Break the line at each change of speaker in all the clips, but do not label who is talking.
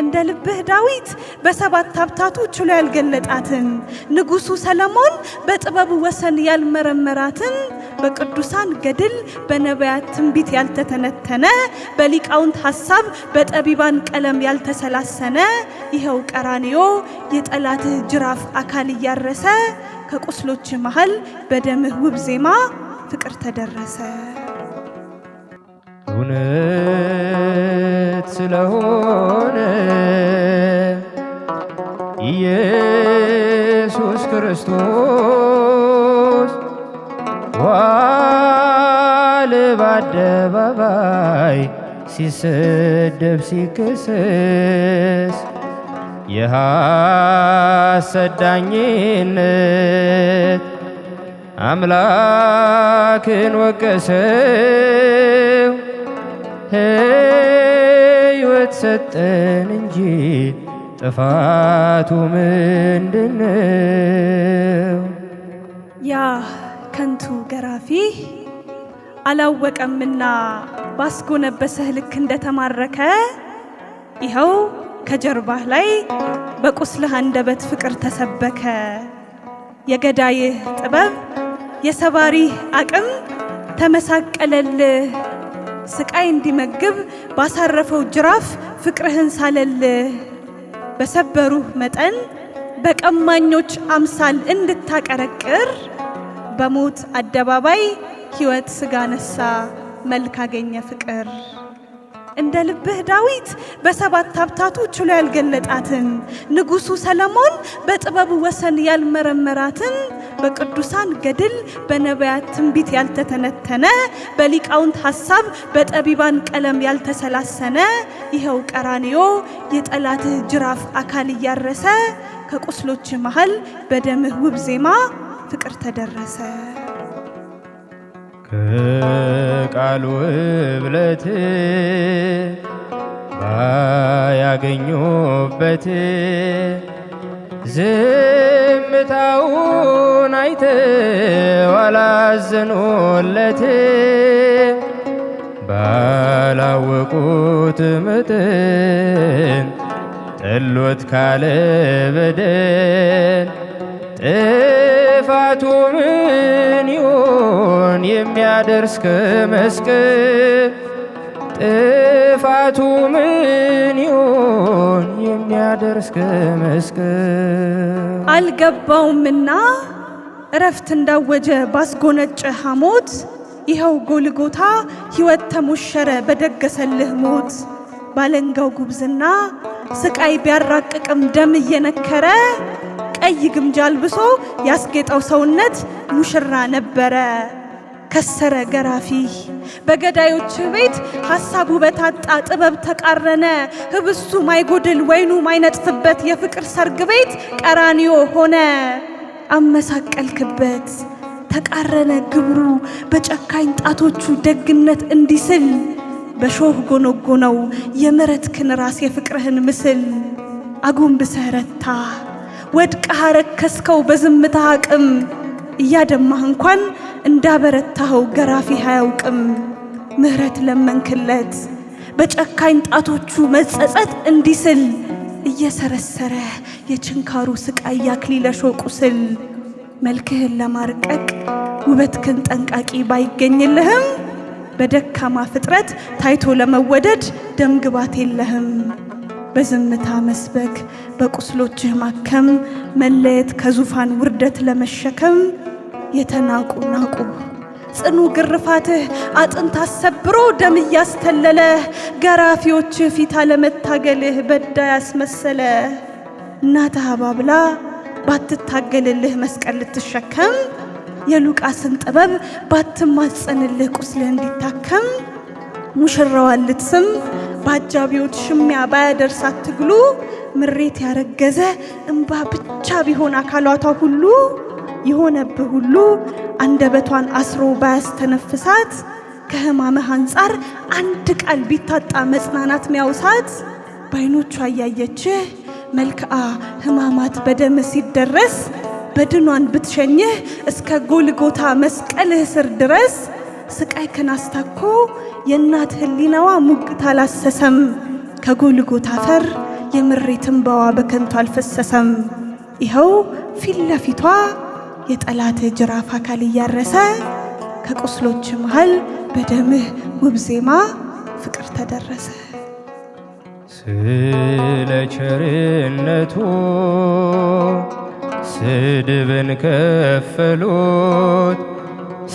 እንደ ልብህ ዳዊት በሰባት ሀብታቱ ችሎ ያልገለጣትን ንጉሱ ሰለሞን በጥበቡ ወሰን ያልመረመራትን በቅዱሳን ገድል በነቢያት ትንቢት ያልተተነተነ በሊቃውንት ሐሳብ በጠቢባን ቀለም ያልተሰላሰነ ይኸው ቀራንዮ የጠላትህ ጅራፍ አካል እያረሰ ከቁስሎች መሃል በደምህ ውብ ዜማ ፍቅር ተደረሰ።
እውነት ስለሆነ ኢየሱስ ክርስቶስ ዋለ በአደባባይ ሲሰደብ ሲከሰስ የሐሰት ዳኝነት አምላክን ወቀሰው። ሕይወት ሰጠን እንጂ ጥፋቱ ምንድነው?
ያ ከንቱ ገራፊ አላወቀምና ባስጎነበሰህ ልክ እንደተማረከ ይኸው ከጀርባህ ላይ በቁስልህ አንደበት ፍቅር ተሰበከ። የገዳይህ ጥበብ የሰባሪህ አቅም ተመሳቀለልህ ስቃይ እንዲመግብ ባሳረፈው ጅራፍ ፍቅርህን ሳለልህ በሰበሩህ መጠን በቀማኞች አምሳል እንድታቀረቅር በሞት አደባባይ ሕይወት ሥጋ ነሳ መልክ አገኘ ፍቅር እንደ ልብህ ዳዊት በሰባት ሀብታቱ ችሎ ያልገለጣትን ንጉሱ ሰለሞን በጥበቡ ወሰን ያልመረመራትን በቅዱሳን ገድል በነቢያት ትንቢት ያልተተነተነ በሊቃውንት ሐሳብ በጠቢባን ቀለም ያልተሰላሰነ ይኸው ቀራንዮ የጠላትህ ጅራፍ አካል እያረሰ ከቁስሎች መሃል በደምህ ውብ ዜማ ፍቅር ተደረሰ።
ከቃሉ እብለት ባያገኙበት ዝምታውን አይተው አላዘኑለት ባላወቁት መጠን ጠሎት ካለ በደል ልፋቱ ምን ይሆን የሚያደርስ ከመስቀል ጥፋቱ ምን ይሆን የሚያደርስ ከመስቀል
አልገባውምና እረፍት እንዳወጀ ባስጎነጨ ሐሞት ይኸው ጎልጎታ ሕይወት ተሞሸረ በደገሰልህ ሞት ባለንጋው ጉብዝና ስቃይ ቢያራቅቅም ደም እየነከረ ቀይ ግምጃ አልብሶ ያስጌጠው ሰውነት ሙሽራ ነበረ። ከሰረ ገራፊ በገዳዮች ቤት ሐሳቡ በታጣ ጥበብ ተቃረነ። ህብሱ ማይጎድል ወይኑ ማይነጥፍበት የፍቅር ሰርግ ቤት ቀራኒዮ ሆነ። አመሳቀልክበት ተቃረነ ግብሩ በጨካኝ ጣቶቹ ደግነት እንዲስል በሾህ ጎነጎነው ክን ራስ የፍቅርህን ምስል አጎንብሰህ ረታ። ወድቀህ አረከስከው በዝምታ አቅም እያደማህ እንኳን እንዳበረታኸው ገራፊህ አያውቅም። ምህረት ለመንክለት በጨካኝ ጣቶቹ መጸጸት እንዲስል እየሰረሰረ የችንካሩ ስቃይ ያክሊለ ሾቁ ስል መልክህን ለማርቀቅ ውበትክን ጠንቃቂ ባይገኝልህም በደካማ ፍጥረት ታይቶ ለመወደድ ደምግባት የለህም። በዝምታ መስበክ በቁስሎችህ ማከም መለየት ከዙፋን ውርደት ለመሸከም የተናቁ ናቁ ጽኑ ግርፋትህ አጥንት አሰብሮ ደም እያስተለለ ገራፊዎችህ ፊት አለመታገልህ በዳ ያስመሰለ እናትህ አባብላ ባትታገልልህ መስቀል ልትሸከም የሉቃስን ጥበብ ባትማጸንልህ ቁስልህ እንዲታከም ሙሽራዋን ልትስም በአጃቢዎች ሽሚያ ባያደርሳት ትግሉ ምሬት ያረገዘ እንባ ብቻ ቢሆን አካላቷ ሁሉ የሆነብህ ሁሉ አንደበቷን አስሮ ባያስተነፍሳት ከህማምህ አንጻር አንድ ቃል ቢታጣ መጽናናት ሚያውሳት በዓይኖቿ እያየችህ መልክአ ህማማት በደም ሲደረስ በድኗን ብትሸኝህ እስከ ጎልጎታ መስቀልህ ስር ድረስ ስቃይ ከናስታኮ የእናት ህሊናዋ ሙግት አላሰሰም ከጎልጎታ ፈር የምሬት እንባዋ በከንቱ አልፈሰሰም። ይኸው ፊት ለፊቷ የጠላት ጅራፍ አካል እያረሰ ከቁስሎች መሃል በደምህ ውብ ዜማ ፍቅር ተደረሰ።
ስለ ቸርነቱ ስድብን ከፈሉት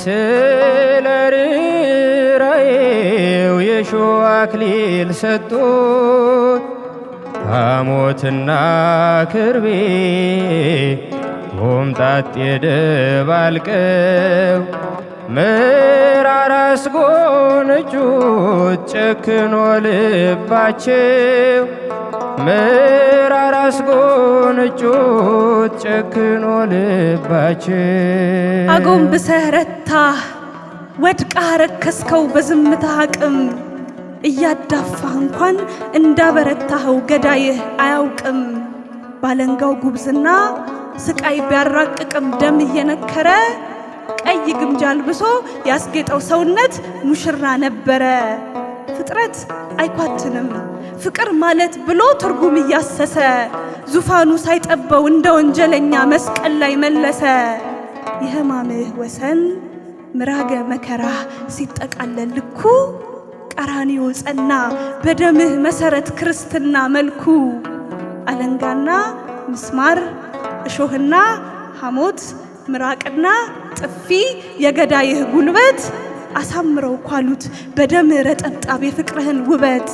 ስለ ርራዬው የሾህ አክሊል ሰጡት። ሐሞትና ክርቤ ሆምጣጤ ደባልቀው ምራራስ አስጎን እጁት ጨክኖ ልባቸው ምራራስ አስጎን ጨክኖ ልባቸው
አጎንብሰህ ረታህ ወድቃ ረከስከው በዝምታ አቅም እያዳፋህ እንኳን እንዳበረታኸው ገዳይህ አያውቅም። ባለንጋው ጉብዝና ስቃይ ቢያራቅቅም ደም እየነከረ ቀይ ግምጃ አልብሶ ያስጌጠው ሰውነት ሙሽራ ነበረ። ፍጥረት አይኳትንም ፍቅር ማለት ብሎ ትርጉም እያሰሰ ዙፋኑ ሳይጠበው እንደ ወንጀለኛ መስቀል ላይ መለሰ። የሕማምህ ወሰን ምራገ መከራ ሲጠቃለል ልኩ ቀራኒዮ ጸና፣ በደምህ መሰረት ክርስትና መልኩ አለንጋና ምስማር እሾህና ሐሞት ምራቅና ጥፊ የገዳይህ ጉልበት አሳምረው ኳሉት በደምህ ረጠብጣብ የፍቅርህን ውበት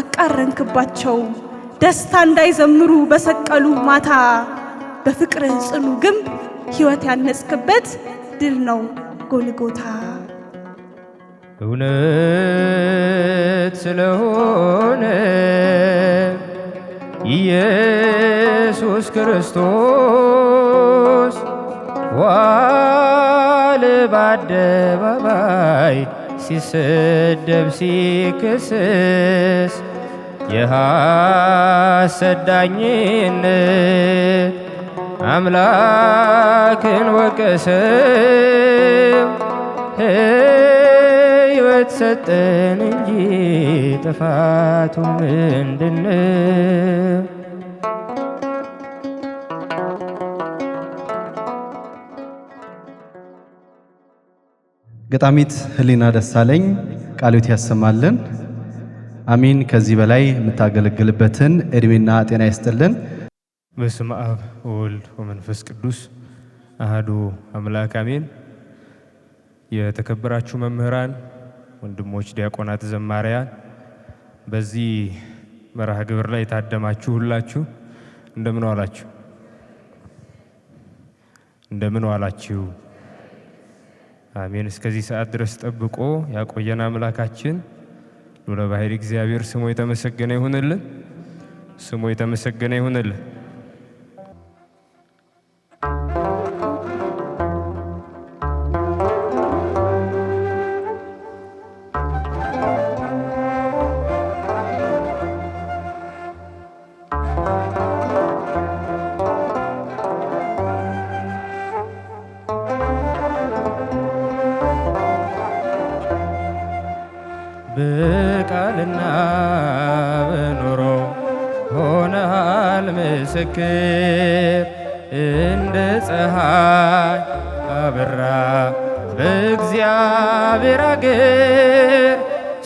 አቃረንክባቸው ደስታ እንዳይዘምሩ በሰቀሉ ማታ በፍቅርህ ጽኑ ግንብ ሕይወት ያነጽክበት ድል ነው ጎልጎታ።
እውነት ስለሆነ ኢየሱስ ክርስቶስ ዋለ በአደባባይ ሲሰደብ ሲክስስ የሐሰት ዳኝነት አምላክን ወቀሰው ሕይወት ሰጠን እንጂ ጥፋቱ ምንድን?
ገጣሚት ህሊና ደሳለኝ ቃሉት ያሰማልን። አሚን። ከዚህ በላይ የምታገለግልበትን እድሜና ጤና ይስጥልን።
በስመ አብ ወወልድ ወመንፈስ ቅዱስ አህዱ አምላክ አሜን። የተከበራችሁ መምህራን ወንድሞች ዲያቆናት፣ ዘማሪያን በዚህ መርሃ ግብር ላይ የታደማችሁ ሁላችሁ እንደምን ዋላችሁ? እንደምን ዋላችሁ? አሜን። እስከዚህ ሰዓት ድረስ ጠብቆ ያቆየን አምላካችን ሉለ እግዚአብሔር ስሙ የተመሰገነ ይሁንልን። ስሙ የተመሰገነ ይሁንልን።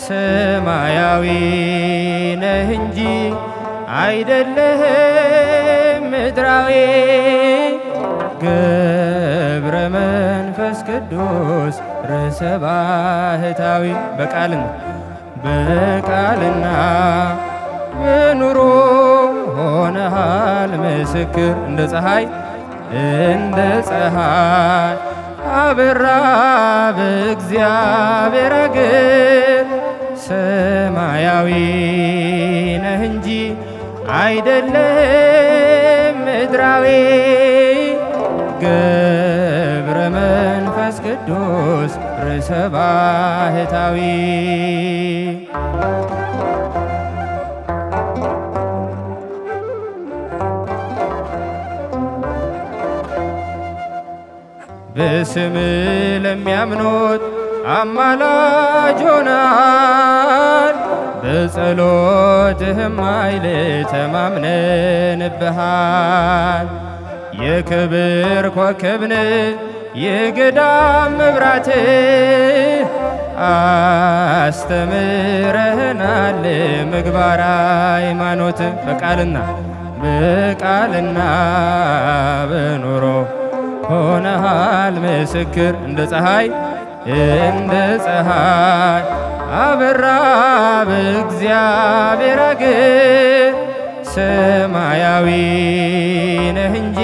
ሰማያዊ ነህ እንጂ አይደለህም ምድራዊ። ገብረ መንፈስ ቅዱስ ርዕሰ ባህታዊ በቃልን በቃልና በኑሮ ሆነሃል ምስክር እንደ ፀሐይ እንደ ፀሐይ አበራ በእግዚአብሔር ግብ ሰማያዊ ነህ እንጂ አይደለም ምድራዊ። ገብረ መንፈስ ቅዱስ ርዕሰ ባህታዊ በስም ለሚያምኑት አማላጆናል ሆናል። በጸሎትህም ኃይል ተማምነንብሃል። የክብር ኮከብን የገዳም መብራት አስተምረህናል ምግባር ሃይማኖት በቃልና በቃልና በኑሮ ሆነሃል ምስክር እንደ ፀሐይ እንደ ፀሐይ አበራ በእግዚአብሔር አገር። ሰማያዊ ነህ እንጂ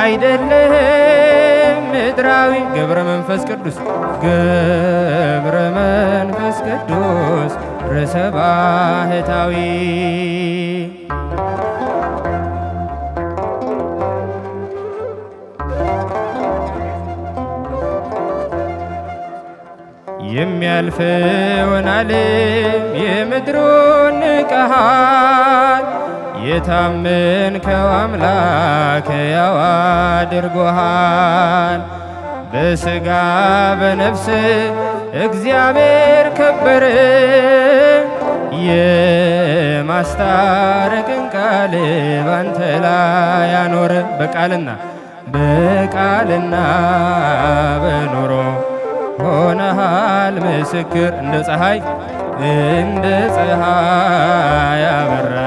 አይደለህም ምድራዊ። ገብረ መንፈስ ቅዱስ ገብረ መንፈስ ቅዱስ ርሰ ባህታዊ የሚያልፈውን ዓለም የምድሩን ንቀሃል። የታመንከው አምላክ ሕያው አድርጎሃል። በሥጋ በነፍስ እግዚአብሔር ከበረ። የማስታረቅን ቃል ባንተ ላይ ያኖረ በቃልና በቃልና በኑሮ ሆነሃል ምስክር እንደ ፀሐይ እንደ ፀሐይ አበራ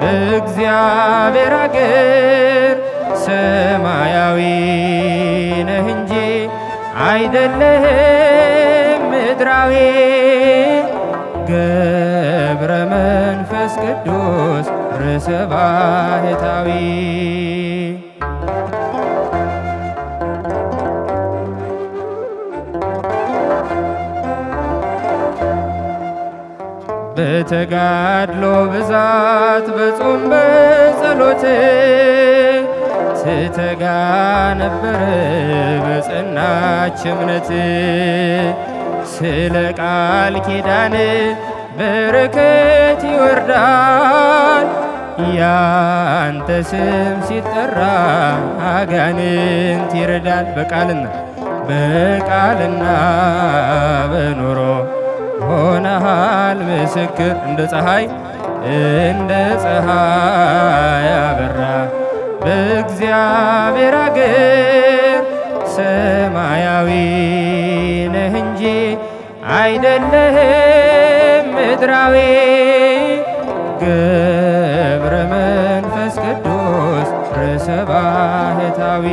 በእግዚአብሔር አገር ሰማያዊ ነህ እንጂ አይደለህም ምድራዊ ገብረ መንፈስ ቅዱስ ርሰ ባህታዊ በተጋድሎ ብዛት በጾም በጸሎቴ ስተጋ ነበረ በጸናች እምነት ስለ ቃል ኪዳን በረከት ይወርዳል ያንተ ስም ሲጠራ አጋንንት ይረዳል በቃልና በቃልና በኑሮ ሆነሃል ምስክር እንደ ፀሐይ እንደ ፀሐይ አበራ በእግዚአብሔር አገር ሰማያዊ ነህ እንጂ አይደለህም ምድራዊ ገብረ መንፈስ ቅዱስ ርሰ ባህታዊ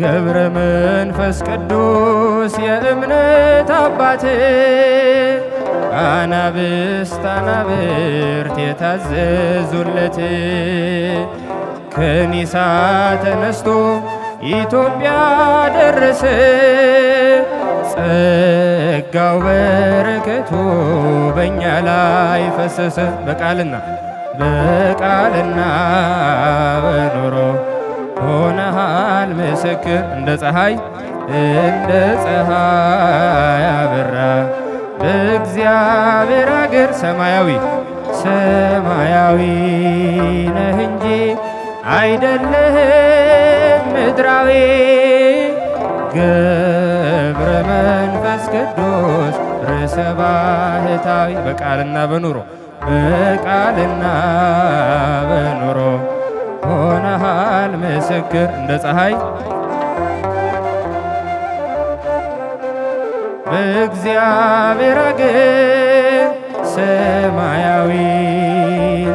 ገብረ መንፈስ ቅዱስ የእምነት አባቴ አናብስት አናብርት የታዘዙለት ከኒሳ ተነስቶ ኢትዮጵያ ደረሰ። ጸጋው በረከቱ በእኛ ላይ ፈሰሰ በቃልና በቃልና በኑሮ ሆነሃል ምስክር እንደ ፀሐይ እንደ ፀሐይ አበራ በእግዚአብሔር አገር ሰማያዊ ሰማያዊ ነህ እንጂ አይደለህም ምድራዊ ገብረ መንፈስ ቅዱስ ርዕሰ ባህታዊ በቃልና በኑሮ በቃልና በኑሮ ሆነሃል ምስክር እንደ ፀሐይ እግዚአብሔር ግን ሰማያዊ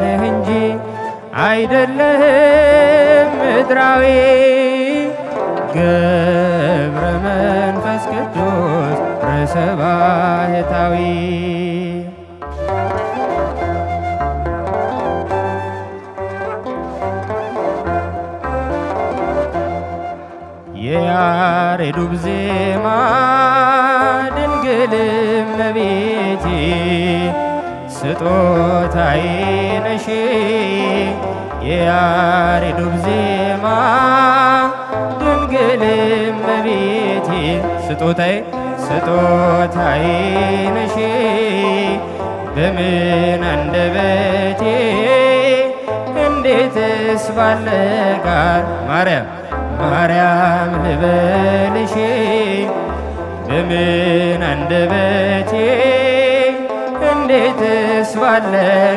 ነህ እንጂ አይደለህም ምድራዊ። ገብረ መንፈስ ቅዱስ ርዕሰ ያሬዱብ ዜማ ድንግል እመቤቴ ስጦታዬ ነሽ የያሬዱብ ዜማ ድንግል እመቤቴ ስጦታዬ ስጦታዬ ነሽ በምን አንደበቴ እንዴትስ ባልጋር ማርያም ማርያም ልበልሽ በምን አንደበቴ እንዴትስ ባለ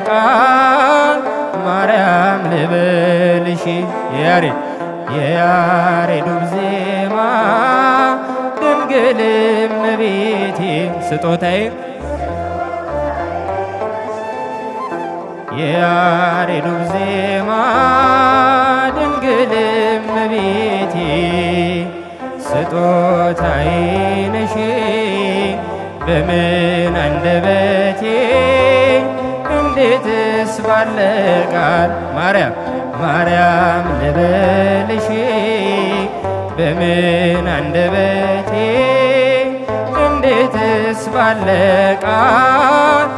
ቃል ማርያም ልበልሽ ያሬድ የያሬዱም ዜማ ድንግልም ቤቴ ስጦታዬ የያሬዱም ዜማ ድንግልም ስጦታዬ ነሽ በምን አንደበቴ እንዴትስ ባለ ቃል ማርያም ማርያም ልበልሽ በምን አንደበቴ እንዴትስ ባለ ቃል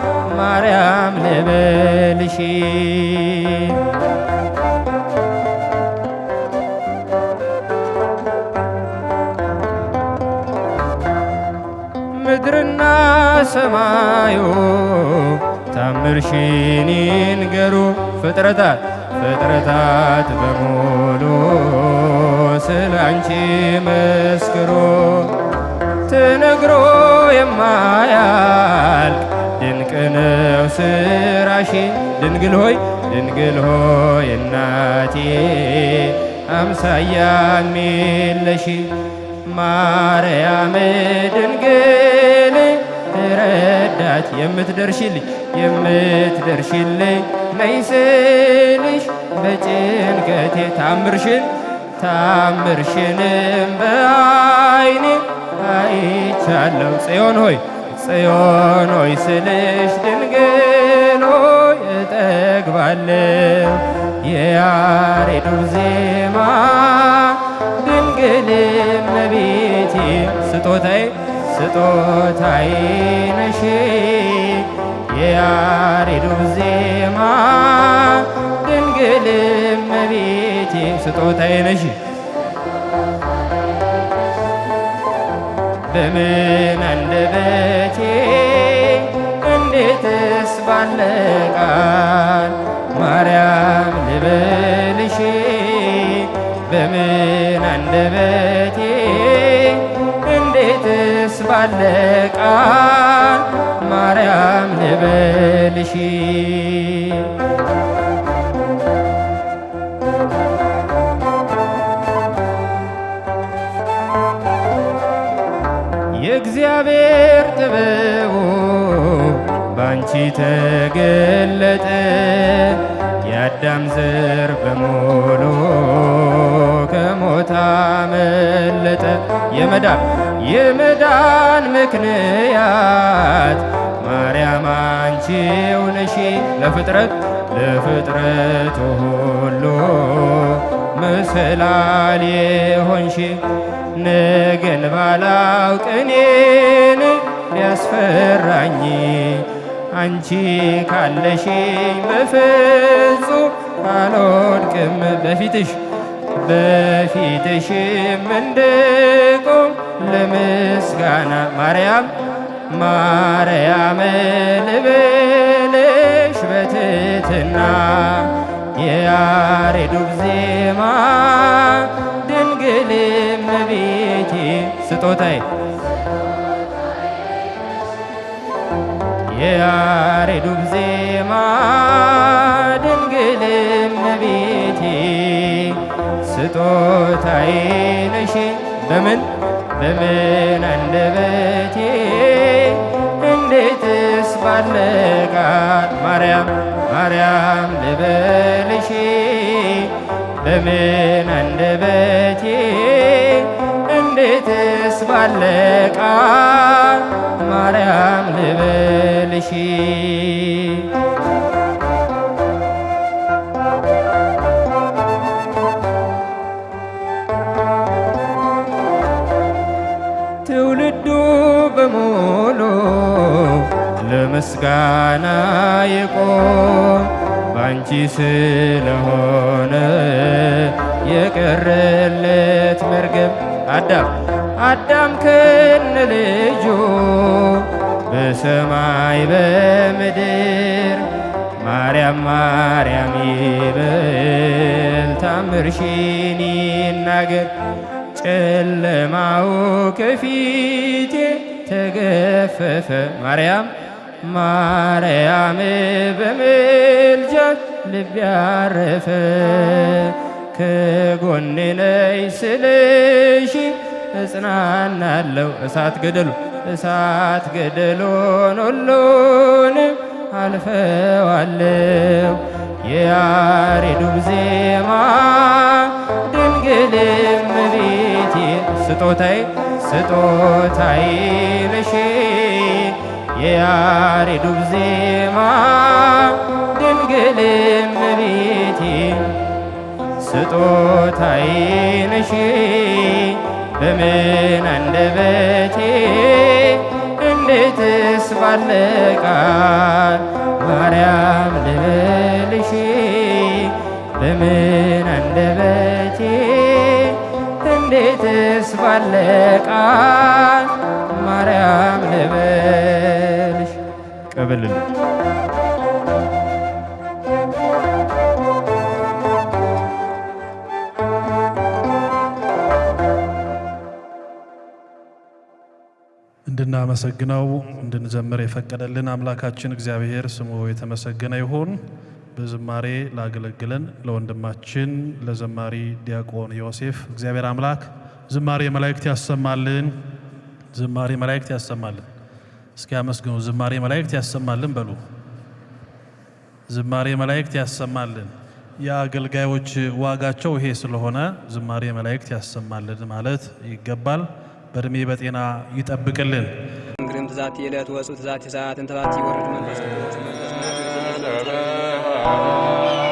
ማርያም ልበልሽ ሰማዩ ታምርሽን ይንገሩ ፍጥረታት ፍጥረታት በሙሉ ስለ አንቺ መስክሮ ትነግሮ የማያልቅ ድንቅ ነው ስራሽ ድንግል ሆይ ድንግል ሆይ እናቴ አምሳያ ሚለሽ ማርያም ድንግል ረዳት የምትደርሽልኝ የምትደርሽልኝ መይስልሽ በጭንቀቴ ታምርሽን ታምርሽንም በአይኔ አይቻለሁ። ጽዮን ሆይ ጽዮን ሆይ ስልሽ ድንግል ሆይ እጠግባለሁ የያሬዱን ዜማ ድንግልም ነቤቴ ስጦታዬ ስጦታዬ ነሽ የያሬዱ ዜማ ድንግል እመቤቴ ስጦታዬ ነሽ በምን አንደበቴ እንዴትስ ባለ ቃል ማርያም ልበልሽ በምን አንደበቴ ባለ ቃል ማርያም ልበልሽ የእግዚአብሔር ጥበቡ ባንቺ ተገለጠ የአዳም ዘር በሙሉ ከሞታ መለጠ የመዳን የመዳን ምክንያት ማርያም አንቺው ነሽ ለፍጥረት ለፍጥረት ሁሉ መሰላል የሆንሽ ነገን ባላውቅ እኔን ሊያስፈራኝ አንቺ ካለሽ በፍጹም አልወድቅም በፊትሽ በፊትሽም እንድቆም ለምስጋና ማርያም ማርያም ልብልሽ በትትና የያሬዱ ዜማ ድንግል እመቤቴ ስጦታዬ የያሬዱ ዜማ ታይነሽ በምን በምን አንደበቴ እንዴትስ ባለቃት ማርያም ማርያም ልበልሽ በምን አንደበቴ እንዴትስ ባለቃት ማርያም ልበልሽ ምስጋና ይቆም ባንቺ ስለሆነ የቀረለት መርገም አዳም አዳም ከነ ልጁ በሰማይ በምድር ማርያም ማርያም ይበል ታምርሽን ይናገር ጨለማው ከፊቴ ተገፈፈ ማርያም ማርያም በምልጃሽ ልቤ ያረፈ ከጎኔ ነይ ስልሽ እጽናናለው። እሳት ገደሉ እሳት ገደሉን ሁሉንም አልፈዋለው። የያሬዱም ዜማ ድንግል እመቤቴ ስጦታዬ ስጦታዬ ነሽ የያሬዱ ዜማ ድንግል እመቤቴ ስጦታዬ ነሽ በምን አንደበቴ እንዴትስ ባለ ቃል ማርያም ልበልሽ በምን አንደበቴ እንዴትስ ባለ ቃል ማርያም ልበል ይቀበልልን።
እንድናመሰግነው እንድንዘምር የፈቀደልን አምላካችን እግዚአብሔር ስሙ የተመሰገነ ይሁን። በዝማሬ ላገለግለን ለወንድማችን ለዘማሪ ዲያቆን ዮሴፍ እግዚአብሔር አምላክ ዝማሬ መላእክት ያሰማልን። ዝማሬ መላእክት ያሰማልን። እስኪ አመስግኑ። ዝማሬ መላእክት ያሰማልን በሉ። ዝማሬ መላእክት ያሰማልን። የአገልጋዮች ዋጋቸው ይሄ ስለሆነ ዝማሬ መላእክት ያሰማልን ማለት ይገባል። በእድሜ በጤና ይጠብቅልን። እንግዲህም ትዛቲ የዕለት ወጹ ትዛቲ ሰዓት እንተባት ይወርድ መንፈስ ቅዱስ መንፈስ